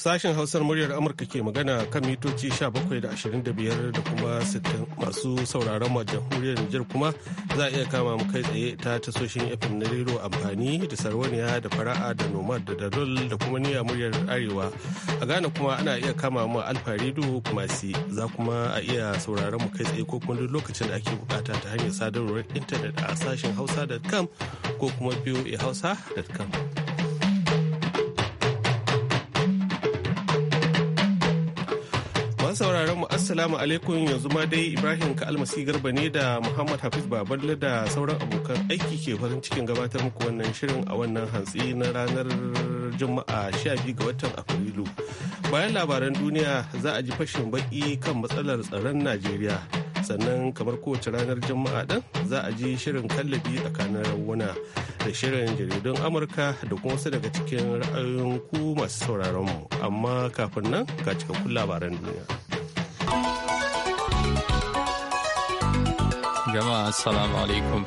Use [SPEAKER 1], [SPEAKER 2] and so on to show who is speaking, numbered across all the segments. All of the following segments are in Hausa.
[SPEAKER 1] Sashen Hausar muryar Amurka ke magana kan mitoci 17 da 25 da kuma 60 masu sauraron mu jamhuriyar Nijar kuma za a iya kama mu kai tsaye ta tasoshin FM na rero amfani da sarwaniya da fara'a da nomad da dalol da kuma niyya muryar arewa. A Ghana kuma ana iya kama mu alfa kuma si za kuma a iya sauraron mu kai tsaye ko kuma duk lokacin da ake bukata ta hanyar sadarwar intanet a sashen hausa.com ko kuma hausa.com. sauraron mu assalamu alaikum yanzu ma dai Ibrahim ka almasi garba ne da Muhammad Hafiz Baballe da sauran abokan aiki ke farin cikin gabatar muku wannan shirin a wannan hantsi na ranar Juma'a 12 ga watan Afrilu. Bayan labaran duniya za a ji fashin baki kan matsalar tsaron Najeriya. Sannan kamar kowace ranar Juma'a ɗin za a ji shirin kallabi tsakanin rawuna da shirin jaridun Amurka da kuma wasu daga cikin ra'ayoyin ku masu sauraron mu. Amma kafin nan ga cikakkun labaran duniya.
[SPEAKER 2] Jama'a Assalamu alaikum.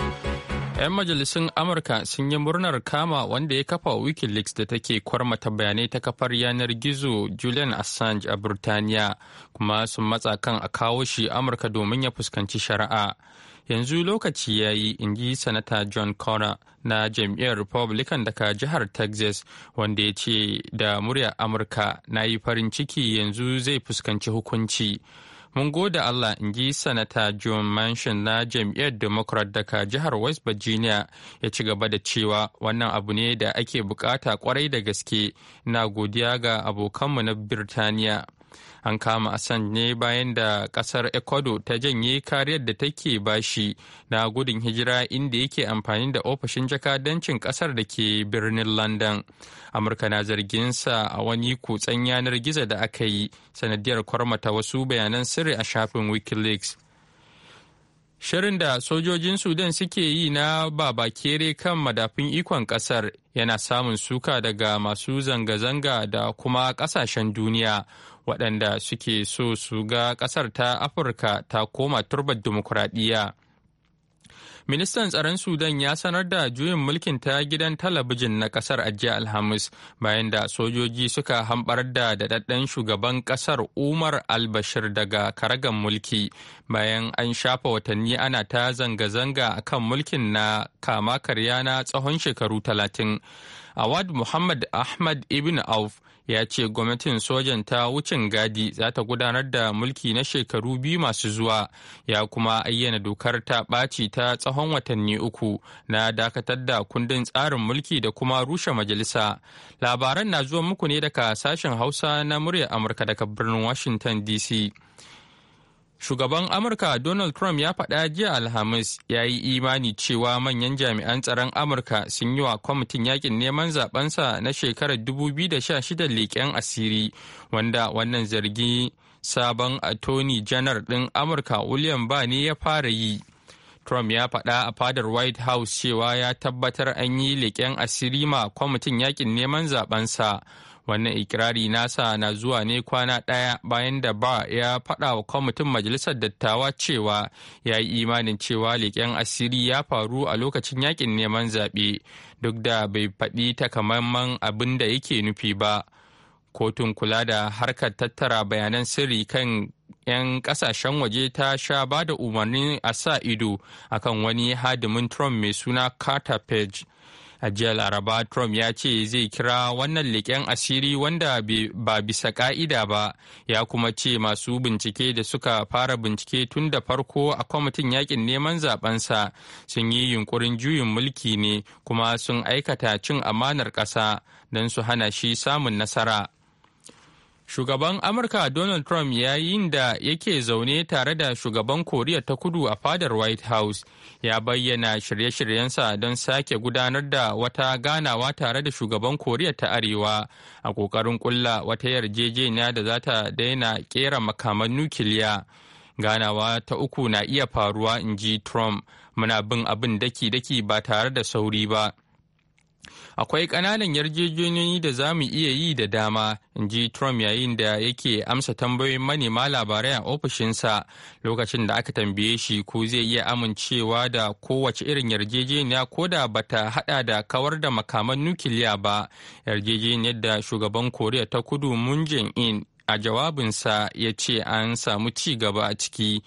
[SPEAKER 2] 'Yan majalisun Amurka sun yi murnar kama wanda ya kafa Wikileaks da take kwarmata bayanai ta kafar yanar gizo Julian Assange a Burtaniya kuma sun matsa kan a kawo shi Amurka domin ya fuskanci shari'a. Yanzu lokaci ya yi inji Sanata John Connor na jam'iyyar Republican daga jihar Texas wanda ya ce da murya Amurka na yi farin ciki yanzu zai fuskanci hukunci. Mun gode Allah in ji Sanata John Manchin na jam'iyyar Democrat daga jihar West Virginia ya ci gaba da cewa wannan abu ne da ake bukata kwarai da gaske na godiya ga abokanmu na Birtaniya. an kama Assange ne bayan da kasar Ecuador ta janye kariyar da take bashi na gudun hijira inda yake amfani da ofishin jakadancin kasar da ke birnin London. Amurka na zargin sa a wani kutsen yanar gizo da aka yi sanadiyar kwarmata wasu bayanan sirri a shafin Wikileaks. Shirin da sojojin Sudan suke yi na babakere kan madafin ikon kasar yana samun suka daga masu zanga-zanga da kuma kasashen duniya waɗanda suke so su ga ƙasar ta afirka ta koma turbar dimokuraɗiyya ministan tsaron sudan ya sanar da juyin mulkin ta gidan talabijin na ƙasar a alhamis bayan da sojoji suka hambar da daɗaɗɗen shugaban ƙasar umar albashir daga karagan mulki bayan an shafa watanni ana ta zanga-zanga a kan mulkin na kama karya na tsawon shekaru talatin Awad Muhammad Ahmad Ibn Auf ya ce gwamnatin sojan ta wucin gadi za ta gudanar da mulki na shekaru biyu masu zuwa ya kuma ayyana dokar ta ɓaci ta tsawon watanni uku na dakatar da kundin tsarin mulki da kuma rushe majalisa. Labaran na zuwa muku ne daga sashen Hausa na murya Amurka daga birnin Washington DC. Shugaban Amurka Donald Trump ya faɗa jiya Alhamis ya yi imani cewa manyan jami'an tsaron Amurka sun yi wa kwamitin yakin neman zabensa na shekarar 2016 leƙen asiri wanda wannan zargi sabon attorney janar ɗin Amurka William ne ya fara yi. Trump ya faɗa a fadar White House cewa ya tabbatar an yi leƙen asiri ma kwamitin yakin neman zabensa. wannan ikirari nasa na zuwa ne kwana ɗaya bayan da ba ya faɗa wa kwamitin majalisar dattawa cewa ya yi imanin cewa leƙen asiri ya faru a lokacin yakin neman zaɓe duk da bai faɗi takamaiman abin da yake nufi ba kotun kula da harkar tattara bayanan sirri kan 'yan kasashen waje ta sha ba da umarni a sa ido akan wani hadimin trump mai suna carter page a jiya laraba trump ya ce zai kira wannan leƙen asiri wanda ba bisa ƙa'ida ba ya kuma ce masu bincike da suka fara bincike tun da farko a kwamitin yakin neman zabensa sun yi yunkurin juyin mulki ne kuma sun aikata cin amanar ƙasa don su hana shi samun nasara Shugaban Amurka Donald Trump yayin da yake zaune tare da shugaban Koriya ta kudu a fadar White House ya bayyana shirye-shiryensa don sake gudanar da wata ganawa tare da shugaban Koriya ta Arewa a ƙoƙarin ƙulla wata yarjejeniya da za ta daina ƙera makaman nukiliya. ganawa ta uku na iya faruwa in ji trump muna bin abin daki-daki ba tare da sauri ba akwai ƙananan yarjejeniyoyi da za mu iya yi da dama in ji trump yayin da yake amsa tambayoyin manema labarai a ofishinsa lokacin da aka tambaye shi ko zai iya amincewa da kowace irin yarjejeniya ko da bata hada da kawar da makaman nukiliya ba yarjejeniyar da shugaban koriya ta kudu moon in a jawabinsa ya ce an samu ci gaba a ciki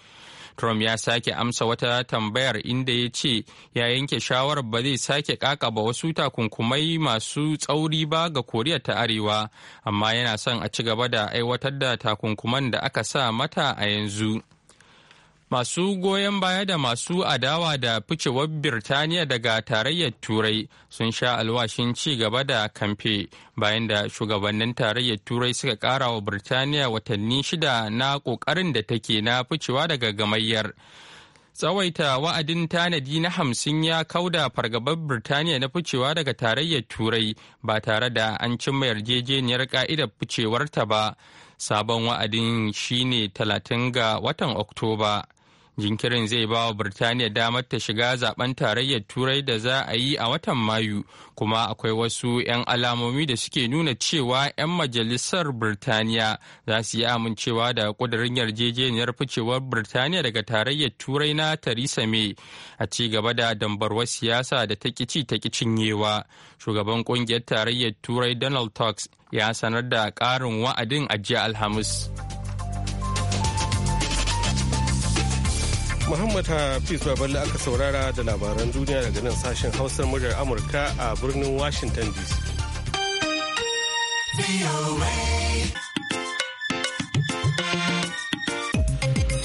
[SPEAKER 2] Trump ya sake amsa wata tambayar inda ya ce ya yanke shawarar ba zai sake kakaba wasu takunkumai masu tsauri ba ga Koriya ta Arewa, amma yana son a ci gaba da aiwatar da takunkuman da aka sa mata a yanzu. Masu goyon baya da masu adawa da ficewar Birtaniya daga tarayyar Turai sun sha alwashin ci gaba da kamfe bayan da shugabannin tarayyar Turai suka kara wa Birtaniya watanni shida na ƙoƙarin da take na ficewa daga gamayyar. Tsawaita wa'adin tanadi na hamsin ya kauda fargabar Birtaniya na ficewa daga tarayyar Turai ba tare da an cimma yarjejeniyar ka'idar ficewarta ba. Sabon wa'adin shine 30 ga watan Oktoba. jinkirin zai ba wa birtaniya damar ta shiga zaben tarayyar turai da za a yi a watan mayu kuma akwai wasu 'yan alamomi da suke nuna cewa 'yan majalisar birtaniya za su yi amincewa da kudurin yarjejeniyar ficewar birtaniya daga tarayyar turai na theresa may a ci gaba da dambarwar siyasa da ta kici ta cinyewa shugaban kungiyar tarayyar turai donald tusk ya sanar da ƙarin wa'adin a jiya alhamis.
[SPEAKER 1] Muhammad Hafiz Baballe aka saurara da labaran duniya daga nan sashen Hausar muryar Amurka a birnin Washington DC.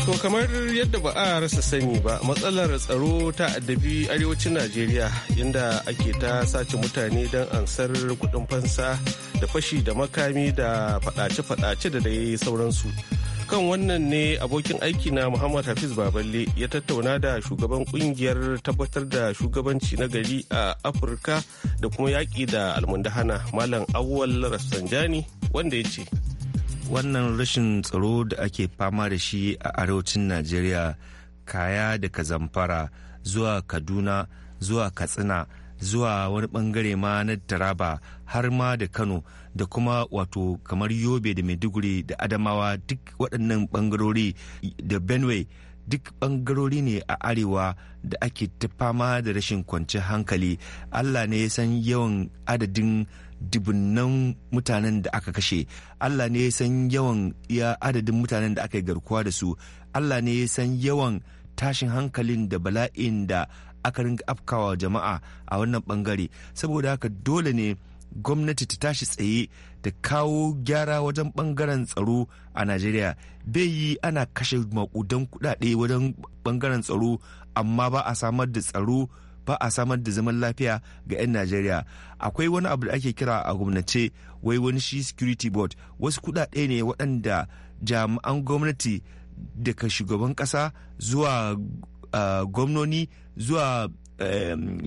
[SPEAKER 1] To kamar yadda ba a rasa sani ba matsalar tsaro ta addabi arewacin Najeriya inda ake ta sace mutane don ansar kudin fansa da fashi da makami da fadace-fadace da dai sauransu. kan wannan ne abokin aiki na muhammad hafiz baballe ya tattauna da shugaban kungiyar tabbatar da shugabanci na gari a afirka da kuma yaƙi da almundahana malam awwal rassanjani wanda ya ce
[SPEAKER 3] wannan rashin tsaro da ake fama da shi a arewacin najeriya kaya da kazamfara zuwa kaduna zuwa katsina zuwa wani bangare ma na taraba har ma da kano da kuma wato kamar yobe da maiduguri da adamawa duk waɗannan ɓangarori da benue duk ɓangarori ne a arewa da ake ta fama da rashin kwanciyar hankali allah ne ya san yawan adadin dubunnan mutanen da aka kashe allah ne ya san yawan ya adadin mutanen da aka yi garkuwa da su allah ne ya san yawan tashin hankalin da bala'in da aka rinka afkawa jama'a a wannan bangare saboda haka dole ne gwamnati ta tashi tsaye da kawo gyara wajen bangaren tsaro a najeriya bai yi ana kashe makudan kudade wajen bangaren tsaro amma ba a samar da tsaro ba a samar da zaman lafiya ga 'yan najeriya akwai wani abu da ake kira a gwamnati wai wani shi security board wasu kudade ne waɗanda jami'an gwamnati daga shugaban ƙasa zuwa ah, gwamnoni zuwa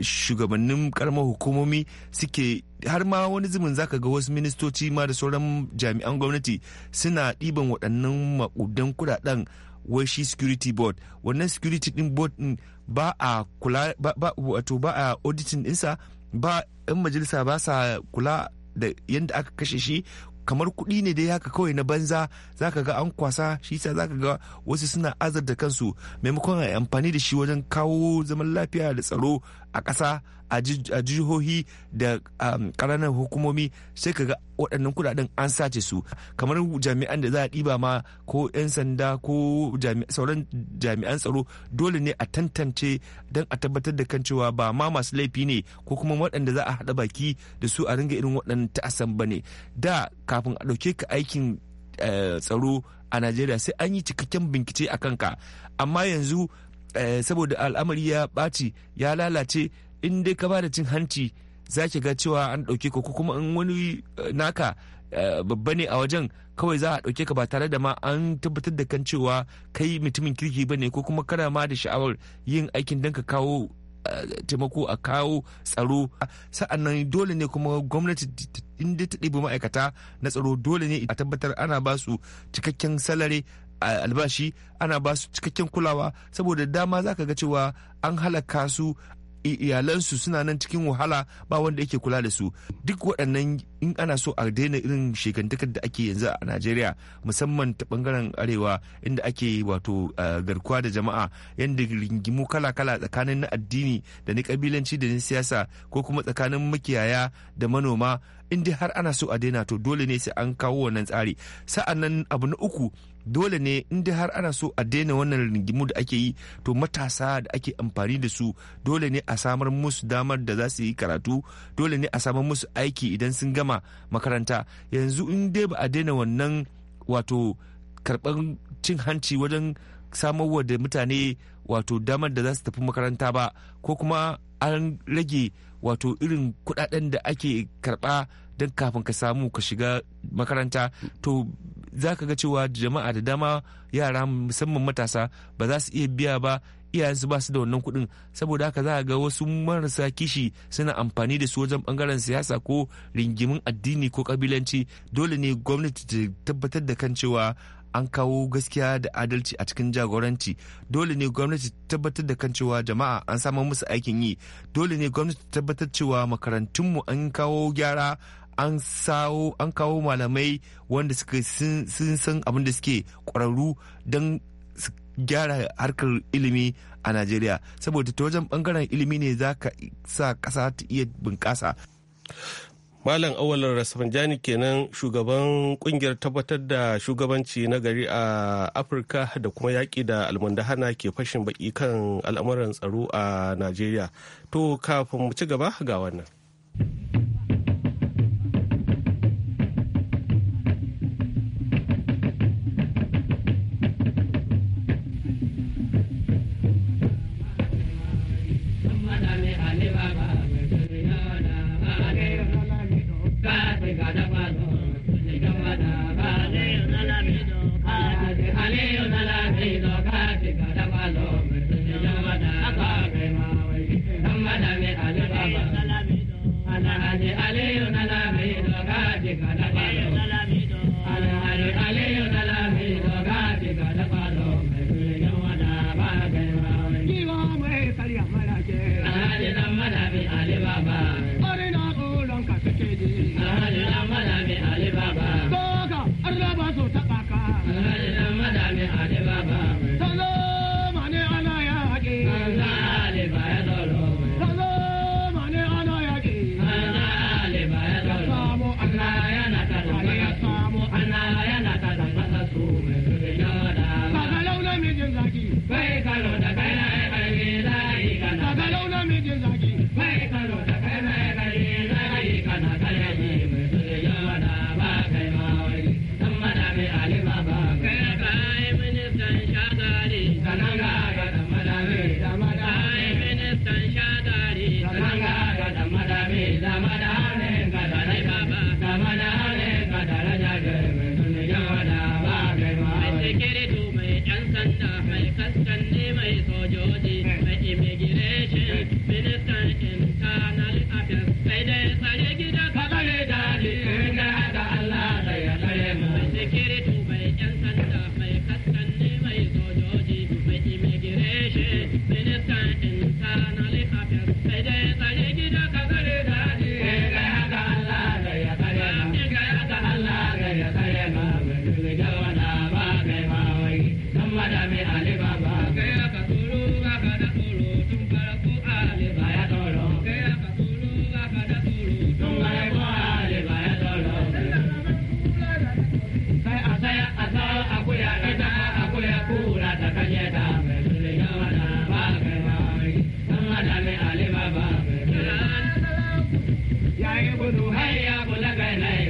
[SPEAKER 3] shugabannin karamar hukumomi suke har ma wani zumin zaka ga wasu ministoci ma da sauran jami'an gwamnati suna ɗiban waɗannan makudan kudaden wai shi security board wannan security din board din ba a kula ba wato ba a auditing dinsa ba yan majalisa ba sa kula da yadda aka kashe shi kamar kuɗi ne dai haka kawai na banza zaka ga an kwasa shi yasa zaka ga wasu suna azar da kansu maimakon a amfani da shi wajen kawo zaman lafiya da tsaro a ƙasa a jihohi da um, ƙananan hukumomi sai ka ga waɗannan kudaden an sace su kamar jami'an da za a ɗiba ma ko 'yan sanda ko sauran jami'an tsaro dole ne a tantance don a tabbatar da kan cewa ba ma masu laifi ne ko kuma waɗanda za a haɗa baki da su a ringa irin waɗannan ta'asan ba ne da kafin a ɗauke ka aikin eh, tsaro a najeriya sai an yi cikakken bincike a kanka amma yanzu Eh, saboda al'amari ya ɓaci ya lalace in dai ka bada cin hanci za ki ga cewa an ɗauke ka ko kuma in wani eh, naka eh, babba ne a wajen kawai za a ɗauke ka ba tare da ma an tabbatar da kan cewa kai mutumin kirki ba ne ko kuma kana ma da sha'awar yin aikin don ka kawo taimako a kawo tsaro sa'annan dole ne kuma gwamnati inda ta ɗibi ma'aikata na tsaro dole ne a tabbatar ana ba su cikakken salare albashi ana ba su cikakken kulawa saboda dama za ka ga cewa an halaka su iyalansu suna nan cikin wahala ba wanda yake kula da su duk waɗannan in ana so a daina irin shekantakar da ake yanzu a najeriya musamman ta bangaren arewa inda ake wato garkuwa da jama'a yadda ringimu kala-kala tsakanin na addini da na kabilanci da na siyasa ko kuma tsakanin makiyaya da manoma in har ana so a daina to dole ne sai an kawo wannan tsari sa'an nan abu na uku dole ne inda har ana so a daina wannan rigimu da ake yi to matasa da ake amfani da su dole ne a samar musu damar da za su yi karatu dole ne a samar musu aiki idan sun gama makaranta yanzu in dai ba a daina wannan wato karɓar cin hanci wajen samarwa da mutane wato damar da za su tafi makaranta ba ko kuma an rage wato irin kudaden da ake karɓa don kafin ka samu ka shiga makaranta to za ka ga cewa jama'a da dama yara musamman matasa ba za su iya biya ba iyayensu ba su da wannan kuɗin saboda haka za a ga wasu marasa kishi suna amfani da su wajen bangaren siyasa ko ringimin addini ko kabilanci dole ne gwamnati ta tabbatar da kan cewa an kawo gaskiya da adalci a cikin jagoranci dole ne gwamnati ta tabbatar da kan cewa jama'a an samar musu aikin yi dole ne gwamnati ta tabbatar cewa makarantunmu an kawo gyara an sawo an kawo malamai wanda suka sun san abin da suke ƙwararru don su gyara harkar ilimi a najeriya saboda ta wajen bangaren ilimi ne za ka sa ƙasa ta iya bunƙasa
[SPEAKER 1] Malam Awalar Rasmanjani kenan shugaban kungiyar tabbatar da shugabanci na gari a Afirka da kuma yaƙi da almundahana ke fashin baki kan al'amuran tsaro a Najeriya. To kafin mu ci gaba ga wannan.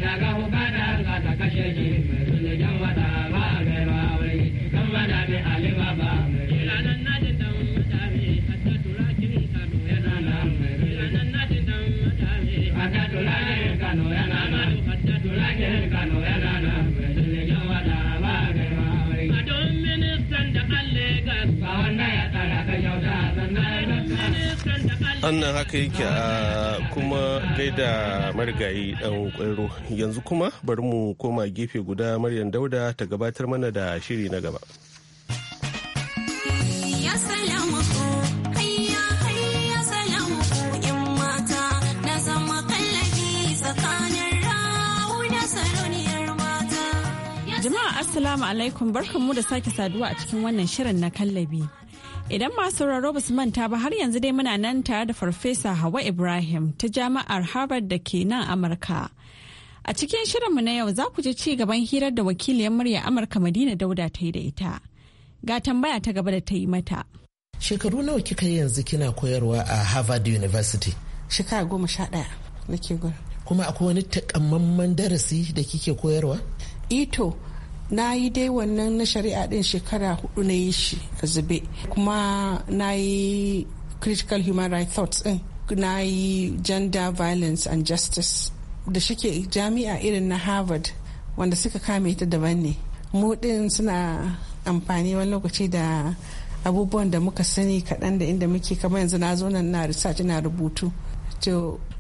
[SPEAKER 4] daga hukana suka ta kashe shi
[SPEAKER 1] wannan haka yake a kuma gaida marigayi dan kwairo yanzu kuma bari mu koma gefe guda maryam dauda ta gabatar mana da shiri na gaba
[SPEAKER 5] jama'a assalamu alaikum barkanmu da sake saduwa a cikin wannan shirin na kallabi Idan masu sauraro ba manta ba har yanzu dai muna nan tare da Farfesa Hawa Ibrahim ta Jami'ar Harvard da ke nan Amurka. A cikin shirinmu na yau za ku ji ci gaban hirar da wakiliyar murya Amurka Madina Dauda ta yi da ita. Ga tambaya ta gaba da ta yi mata.
[SPEAKER 6] Shekaru nawa kika yi yanzu kina koyarwa a Harvard University?
[SPEAKER 7] Shekara goma sha ɗaya nake gwada. Kuma akwai wani takamaiman darasi da kike koyarwa? Ito, e na yi dai wannan na shari'a din shekara hudu na yi shi a zube kuma na yi critical human rights thoughts din na yi gender violence and justice da shike jami'a irin na harvard wanda suka kame ta daban ne mu din suna amfani wani lokaci da abubuwan da muka sani kaɗan da inda muke kamar yanzu na zo nan na research na rubutu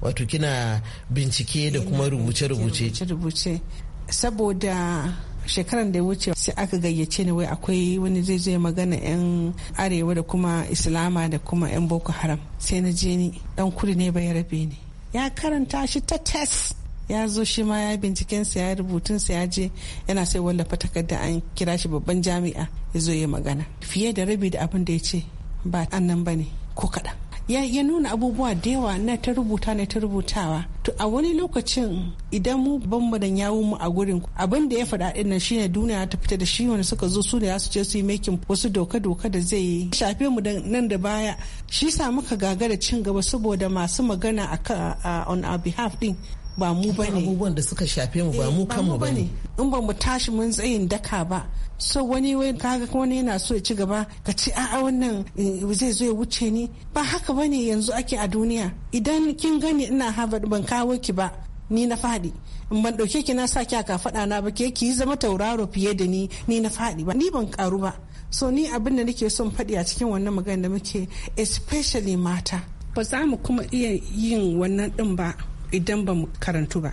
[SPEAKER 6] wato kina bincike da kuma rubuce-rubuce
[SPEAKER 7] saboda shekaran da ya wuce sai aka gayyace ni wai akwai wani zai zai magana yan arewa da kuma islama da kuma yan boko haram sai na je ni dan kudu ne bai rabe ni ya karanta shi ta tes ya zo shi ma ya bincikensa ya rubutunsa ya je yana sai wallafa takarda an kira shi babban jami'a ya zo ya magana fiye da rabi da abin da ya ce ba annan ba ne ko kaɗan ya nuna abubuwa da yawa na ta rubuta na ta rubutawa to a wani lokacin idan mu banmu da yawo mu a gurin abin da ya faɗa din nan shine duniya ta fita da shi wanda suka zo su ne su je su yi making wasu doka-doka da zai yi shafe mu nan da baya shi sa muka gagara cin gaba saboda masu magana a on our behalf din ba mu ba ne abubuwan da suka shafe mu ba mu eh, kanmu ba ne in ba mu tashi mun tsayin daka ba so wani wai kaga wani yana so ya ci gaba ka ci a'a wannan eh, zai zo ya wuce ni ba haka ba ne yanzu ake a duniya idan kin gani ina Harvard ban kawo ki ba ni na faɗi in ban ɗauke ki na saki aka kafaɗa na ba ke ki zama tauraro fiye da ni ni na faɗi ba ni ban karu ba so ni abin da nake son faɗi a cikin wannan magana da muke especially mata ba za mu kuma iya yin wannan ɗin ba idan ba mu karantu ba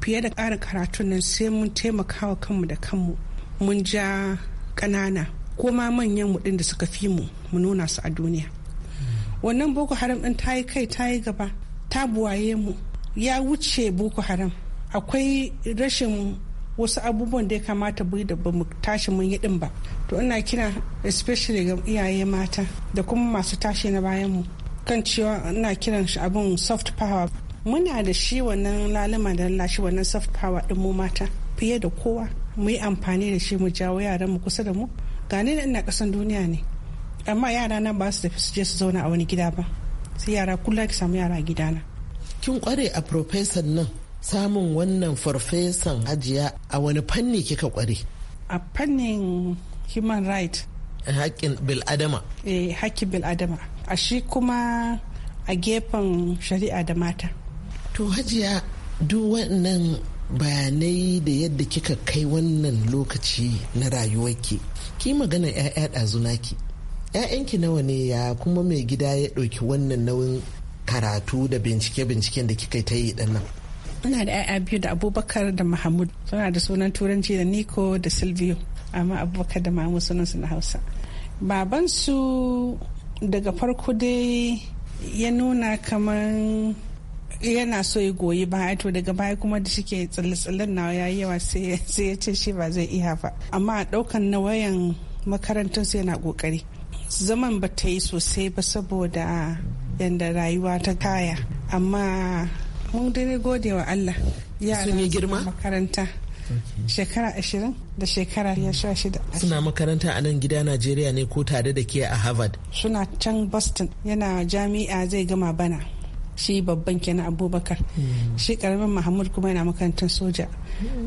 [SPEAKER 7] fiye da ƙara karatun nan sai mun taimaka wa kanmu da kanmu mun ja ƙanana ko ma manyan mu ɗin da suka fi mu mu nuna su a duniya wannan boko haram ɗin ta yi kai ta yi gaba ta buwaye mu ya wuce boko haram akwai rashin wasu abubuwan da ya kamata bai da ba mu tashi mun yi din ba to ina kira especially ga iyaye mata da kuma masu tashi na bayan mu kan cewa ina kiran shi abin soft power muna da shi wannan lalima da lashi wannan soft power din mu mata fiye da kowa mu yi amfani da shi mu jawo yaran mu kusa da mu gane da ina kasan duniya ne amma yara na ba su tafi su je su zauna a wani gida ba sai yara kula ki samu yara gida na kin kware a professor nan samun wannan farfesan hajiya a wani fanni kika kware a fannin human right haƙƙin bil'adama eh haƙƙin bil'adama a shi kuma a gefen shari'a da mata to hajiya duk wannan bayanai da yadda
[SPEAKER 6] kika kai wannan lokaci na rayuwarki ki magana 'ya'ya ƴaƴan 'ya'yanki nawa ne ya kuma mai gida ya ɗauki wannan nauyin karatu da bincike-binciken da kika ta yi ɗannan
[SPEAKER 7] ina da 'ya'ya biyu da abubakar da mahamud suna da sunan turanci da niko da silvio amma abubakar da mahamud sunansu na hausa babansu daga farko dai ya nuna kamar Eh, yana so ya goyi baya to daga baya kuma da shike tsalle-tsallen na yayi yawa sai ya ce shi ba zai iya ba amma a daukan na wayan makarantar su yana kokari zaman ba ta yi sosai ba saboda yadda rayuwa ta kaya amma mun dai gode wa Allah ya girma makaranta shekara ashirin da shekara ya sha shida
[SPEAKER 6] suna makaranta a nan gida Najeriya ne ko tare da ke a Harvard
[SPEAKER 7] suna can Boston yana jami'a zai gama bana shi babban kenan abubakar shi karamin mahmud kuma yana makarantar soja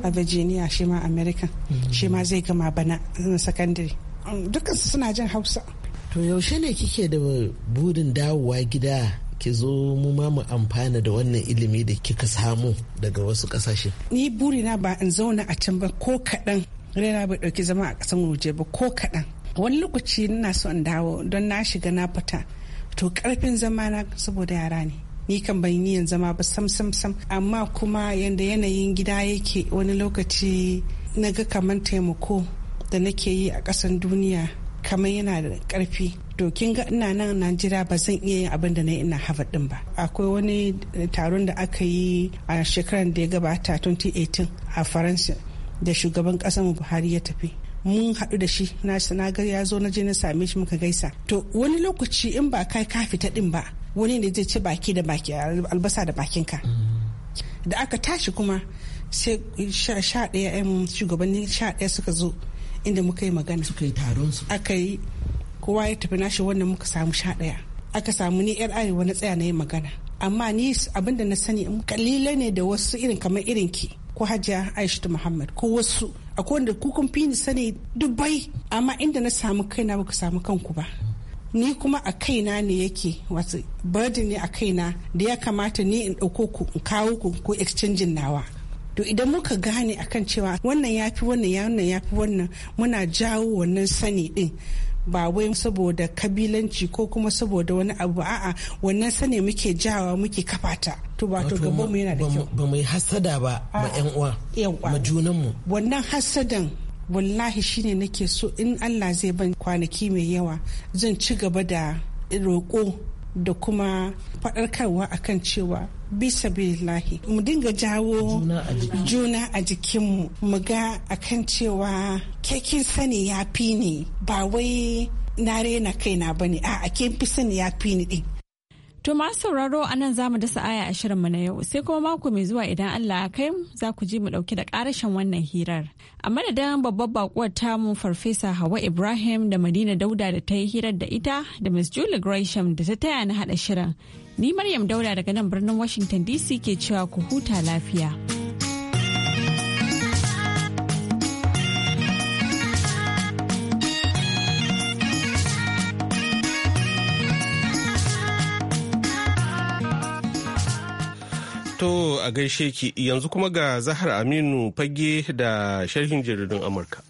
[SPEAKER 7] a virginia shi ma american shi ma zai gama bana na sakandare um, su suna jin hausa
[SPEAKER 6] to yaushe ne kike da burin dawowa gida ki zo mu ma mu amfana da wannan ilimi da kika samu daga wasu kasashe
[SPEAKER 7] ni burina ba in zauna a can ba ko kaɗan rera bai ɗauki zama a ƙasan waje ba ko kaɗan wani lokaci na so in dawo don na shiga na fita to ƙarfin zama saboda yara ne ni kan ban yi yanzu ma ba sam sam sam amma kuma yanda yanayin gida yake wani lokaci na ga kamar taimako da nake yi a ƙasan duniya kamar yana da ƙarfi to kin ga ina nan Najeriya ba zan iya yin abin da na ina Harvard din ba akwai wani eh, taron da aka yi a shekarar da ya gabata 2018 a Faransa da shugaban ƙasar Buhari ya tafi mun haɗu da shi na ga ya zo na je na same shi muka gaisa to wani lokaci in ba kai ka fita din ba wani ne zai ci baki da baki albasa da bakinka da aka tashi kuma sai sha ɗaya yan shugabanni sha ɗaya suka zo inda muka yi magana suka yi taron su aka yi kowa ya tafi nashi wannan muka samu sha ɗaya aka samu ni yar arewa na tsaya na yi magana amma ni abinda na sani kalila ne da wasu irin kamar irin ki ko hajiya ta muhammad ko wasu akwai wanda kukan fi ni sani dubai amma inda na samu kai na baka samu kanku ba ni kuma a kaina ne yake wasu burden ne a kaina da ya kamata ni in ɗauko ku in kawo ku ko exchangin nawa to idan muka gane akan cewa wannan ya fi wannan ya wannan ya fi wannan muna jawo wannan sani din ba wai saboda kabilanci ko kuma saboda wani abu a'a wannan sani muke jawa muke kafata to ba to gaban mu yana da kyau
[SPEAKER 6] ba mai hasada ba ma yan uwa
[SPEAKER 7] ma junan mu wannan hasadan wallahi shine nake so in allah zai ban kwanaki mai yawa zan ci gaba da roƙo da kuma faɗarkarwa akan cewa bisa billahi mu dinga jawo juna a jikinmu mu ga akan cewa kekin sani ya fi ne ba wai na
[SPEAKER 5] rena kaina ba ne a kin fi sani ya fi ni ɗin To masu sauraro a nan za mu dasa aya a mu na yau sai kuma mako mai zuwa idan Allah ya kai za ku ji mu ɗauki da ƙarashin wannan hirar. A madadin babbar bakuwar tamu Farfesa Hawa Ibrahim da Madina Dauda da ta yi hirar da ita da Miss Julie Gresham da ta taya na haɗa shirin. Ni Maryam Dauda daga nan birnin Washington DC ke cewa ku huta lafiya.
[SPEAKER 1] a gaishe ki yanzu kuma ga Zahar Aminu fage da sharhin jaridun Amurka.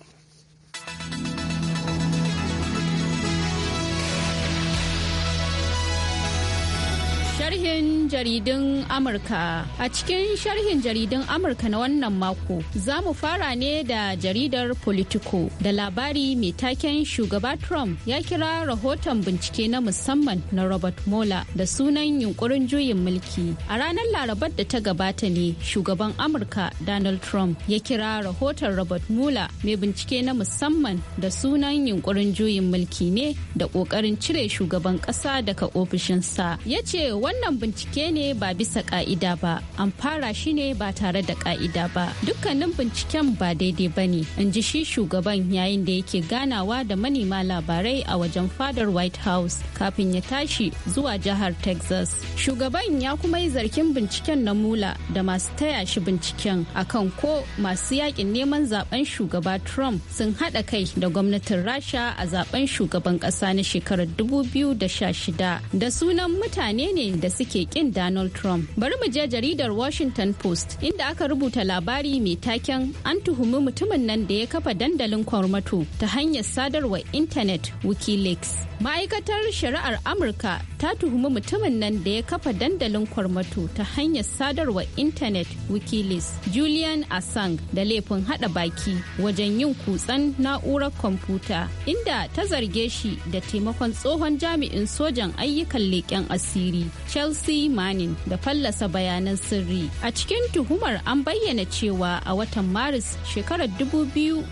[SPEAKER 5] jaridun Amurka. A cikin sharhin jaridun Amurka na wannan mako, za mu fara ne da jaridar Politico da labari mai taken shugaba Trump ya kira rahoton bincike na musamman na Robert Mueller da sunan yunkurin juyin mulki. A ranar Larabar da ta gabata ne shugaban Amurka Donald Trump ya kira rahoton Robert Mueller mai bincike na musamman da sunan yunkurin juyin mulki ne da ƙoƙarin cire shugaban ƙasa daga ofishinsa. Ya ce wannan bincike bincike ne ba bisa ka'ida ba an fara shi ne ba tare da ka'ida ba dukkanin binciken ba daidai ba ne in ji shi shugaban yayin da yake ganawa da manema labarai a wajen fadar white house kafin ya tashi zuwa jihar texas shugaban ya kuma yi zargin binciken na mula da masu taya shi binciken akan ko masu yakin neman zaben shugaba trump sun haɗa kai da gwamnatin rasha a zaben shugaban ƙasa na shekarar 2016 da sunan mutane ne da suke kin zaben Donald Trump. Bari mu je jaridar Washington Post inda aka rubuta labari mai taken an tuhumi mutumin nan da ya kafa dandalin kwarmato ta hanyar sadarwar intanet Wikileaks. Ma'aikatar Shari'ar Amurka ta tuhumi mutumin nan da ya kafa dandalin kwarmato ta hanyar sadarwar intanet Wikileaks Julian Assange da laifin hada baki wajen yin kutsen na'urar kwamfuta inda ta zarge shi da taimakon tsohon jami'in sojan ayyukan leƙen asiri Chelsea da fallasa bayanan sirri. A cikin tuhumar an bayyana cewa a watan Maris shekarar 2010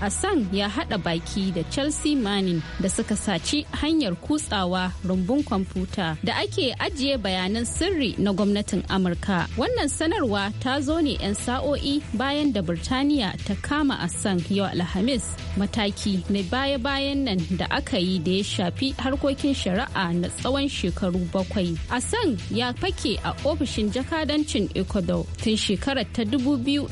[SPEAKER 5] Assange ya haɗa baki da Chelsea Manning da suka saci hanyar kutsawa rumbun kwamfuta da ake ajiye bayanan sirri na gwamnatin Amurka. Wannan sanarwa ta zo ne 'yan sa'o'i bayan da Birtaniya ta kama san yau Alhamis mataki na baya-bayan nan da aka yi da ya shafi harkokin shari'a na tsawon shekaru bakwai. asan Guzman ya fake a ofishin jakadancin Ecuador tun shekarar ta 2012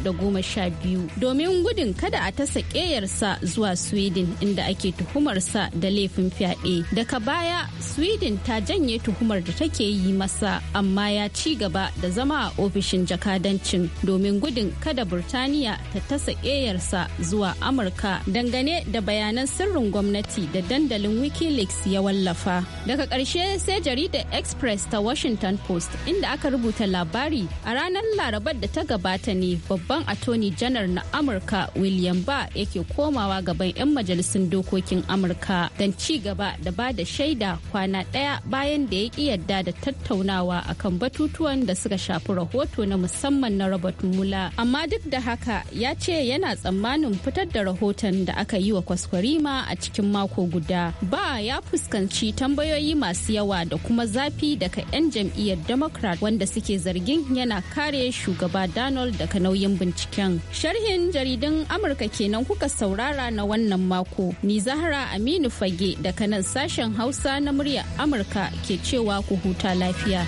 [SPEAKER 5] domin gudun kada a tasa ƙeyarsa zuwa Sweden inda ake tuhumarsa da laifin fyaɗe. Daga baya Sweden ta janye tuhumar da take yi masa amma ya ci gaba da zama a ofishin jakadancin domin gudun kada Burtaniya ta tasa ƙeyarsa zuwa Amurka dangane da bayanan sirrin gwamnati da dandalin Wikileaks ya wallafa. Daga ƙarshe sai jaridar Express ta Washington Washington Post inda aka rubuta labari a ranar Larabar da ta gabata ne babban attorney janar na Amurka William Barr yake komawa gaban 'yan majalisun dokokin Amurka don ci gaba da ba da shaida kwana ɗaya bayan da ya ƙi yarda da tattaunawa akan batutuwan da suka shafi rahoto na musamman na Robert mula Amma duk da haka ya ce yana tsammanin fitar da rahoton da aka yi wa kwaskwarima a cikin mako guda. Ba ya fuskanci tambayoyi masu yawa da kuma zafi daga 'yan jam'iyyar democrat wanda suke zargin yana kare shugaba donald daga nauyin binciken sharhin jaridun amurka kenan kuka saurara na wannan mako ni zahara aminu fage daga nan sashen hausa na murya amurka ke cewa ku huta lafiya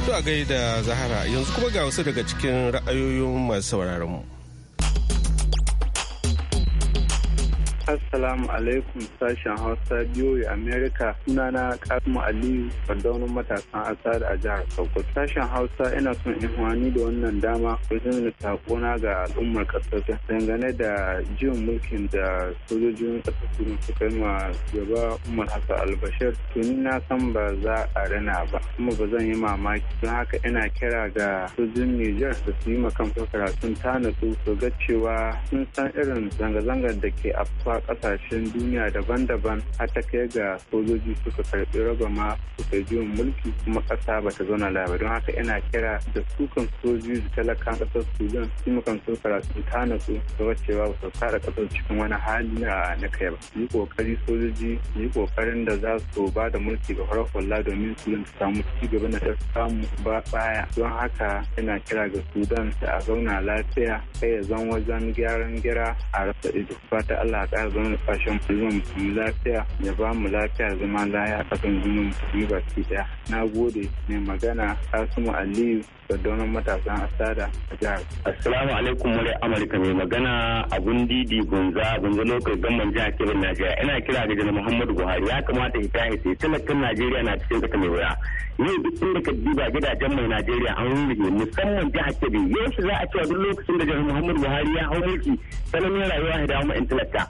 [SPEAKER 1] To a gaida Zahara yanzu kuma ga wasu daga cikin ra'ayoyin masu sauraron mu.
[SPEAKER 8] Assalamu alaikum sashen Hausa biyoyi Amerika sunana Kasimu Aliyu Fardaunin matasan Asad a jihar Sokoto. Sashen Hausa ina son in wani da wannan dama wajen da sakona ga al'ummar kasar dangane da jin mulkin da sojojin kasar Turin suka yi ma gaba Umar Hassan Albashir tuni na san ba za a rana ba kuma ba zan yi mamaki don haka ina kira ga sojojin Nijar da su yi ma makamfa sun tanatu su ga cewa sun san irin zanga-zangar da ke afuwa kasashen duniya daban-daban har ta kai ga sojoji suka karbi ragama suka yi juyin mulki kuma kasa ba ta zauna laba don haka yana kira da su kan sojoji talakan kasar sudan su kan so karatu ta natsu da wacewa ba su kara kasar cikin wani hali na kai ba yi kokari sojoji yi kokarin da za su ba da mulki ga farar hula domin su samu ci gaba na ta samu ba baya don haka yana kira ga sudan da a zauna lafiya kai ya zan wajen gyaran gira a rasa ido fata allah ƙara zaune fashin zuwan mu lafiya ya ba mu lafiya zama laya a kasan zuwan mu baki daya na gode ne magana kasimu aliyu da donon matasan asada a jihar
[SPEAKER 9] assalamu alaikum murai amurka mai magana abun didi gunza gunza lokacin gamban jihar kebbi najeriya ina kira ga jana muhammadu buhari ya kamata ya tashi sai talakan najeriya na cikin kasa mai wuya yau duk inda ka diba gidajen mai najeriya an rurrufe musamman jihar kebbi yau shi za a cewa duk lokacin da jana muhammadu buhari ya hau mulki salamin rayuwa ya dawo ma'in talaka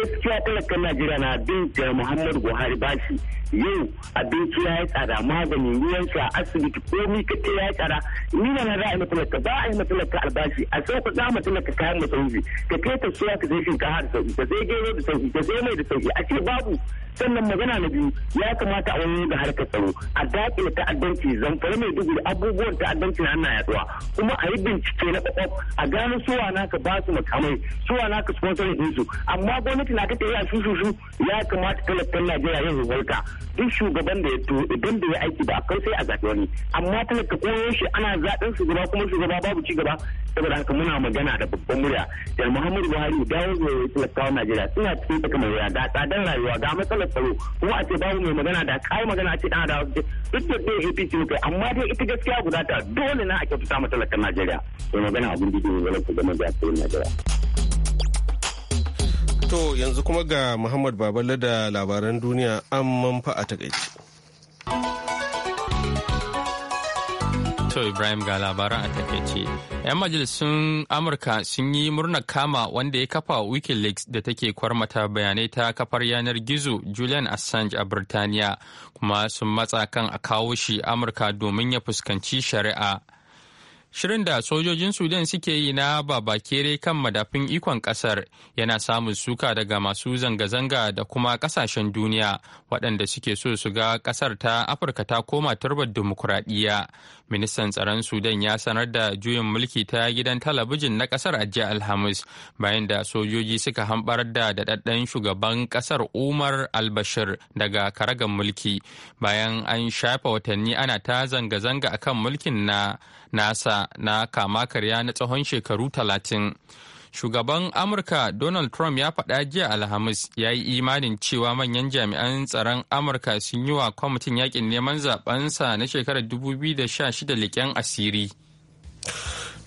[SPEAKER 9] gaskiya talakan Najeriya na bin da Muhammadu Buhari bashi yau abinci ya yi tsada maganin ruwan sha asibiti ko komi ce ya yi tsada ni na za a yi matalaka ba a yi matalaka albashi a sai ku za matalaka kayan masauki ka kai ta suwa ka zai shinkafa da sauki ka zai gero da sauki ka zai mai da sauki a ce babu sannan magana na biyu ya kamata a wani da harkar tsaro a daƙile ta'addanci zamfara mai dubu da abubuwan ta'addanci na ana yaduwa kuma a yi bincike na kwakwaf a gano suwa na ka ba su makamai suwa na ka sponsor ɗinsu amma gwamnati na ta tafiya su su ya kamata talakan Najeriya yin hulka duk shugaban da ya to idan da ya aiki ba akwai sai a zaɓi wani amma ka koyo shi ana zaɓen shugaba kuma shugaba babu ci gaba saboda haka muna magana da babban murya da Muhammadu Buhari dawo ga talakawa Najeriya suna cikin tsaka mai wuya ga tsadar rayuwa ga matsalar tsaro kuma a ce babu mai magana da kayi magana a ce ɗan adawa duk da dai APC ne kai amma dai ita gaskiya guda ta dole na a kyautata ma talakan Najeriya to magana abin da ke zama ga Najeriya
[SPEAKER 1] To yanzu kuma ga Muhammad Baballe da labaran duniya an manfa a takaici.
[SPEAKER 2] To Ibrahim ga labaran a takaice. 'Yan majalisun Amurka sun yi murnar kama wanda ya kafa Wikileaks da take kwarmata bayanai ta kafar yanar gizo Julian Assange a Birtaniya kuma sun matsa kan a kawo shi Amurka domin ya fuskanci shari'a. Shirin da sojojin Sudan suke yi na babakere kan madafin ikon kasar yana samun suka daga masu zanga-zanga da kuma kasashen duniya waɗanda suke so su ga kasar ta Afirka ta koma turbar dimokuraɗiyya. Ministan tsaron Sudan ya sanar da juyin mulki ta gidan talabijin na kasar a jiya Alhamis bayan da sojoji suka hambar da daɗaɗɗen shugaban kasar Umar albashir daga karagar mulki bayan an shafa watanni ana ta zanga-zanga akan mulkin na nasa na kama karya na tsawon shekaru talatin. Shugaban Amurka Donald Trump ya faɗa jiya Alhamis ya yi imanin cewa manyan jami'an tsaron Amurka sun yi wa kwamitin yakin neman zaɓensa na shekarar 2016 leƙen asiri.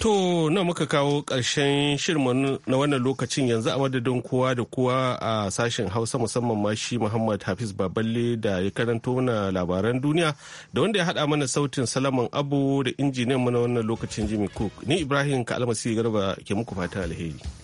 [SPEAKER 1] To na muka kawo ƙarshen shirman na wannan lokacin yanzu a madadin kowa da kowa a sashen Hausa musamman ma shi Muhammad Hafiz Baballe da ya karanto mana labaran duniya da wanda ya haɗa mana sautin Salaman Abu da injiniyan mu na wannan lokacin Jimmy Cook. Ni Ibrahim Kalmasi Garba ke muku fatan alheri.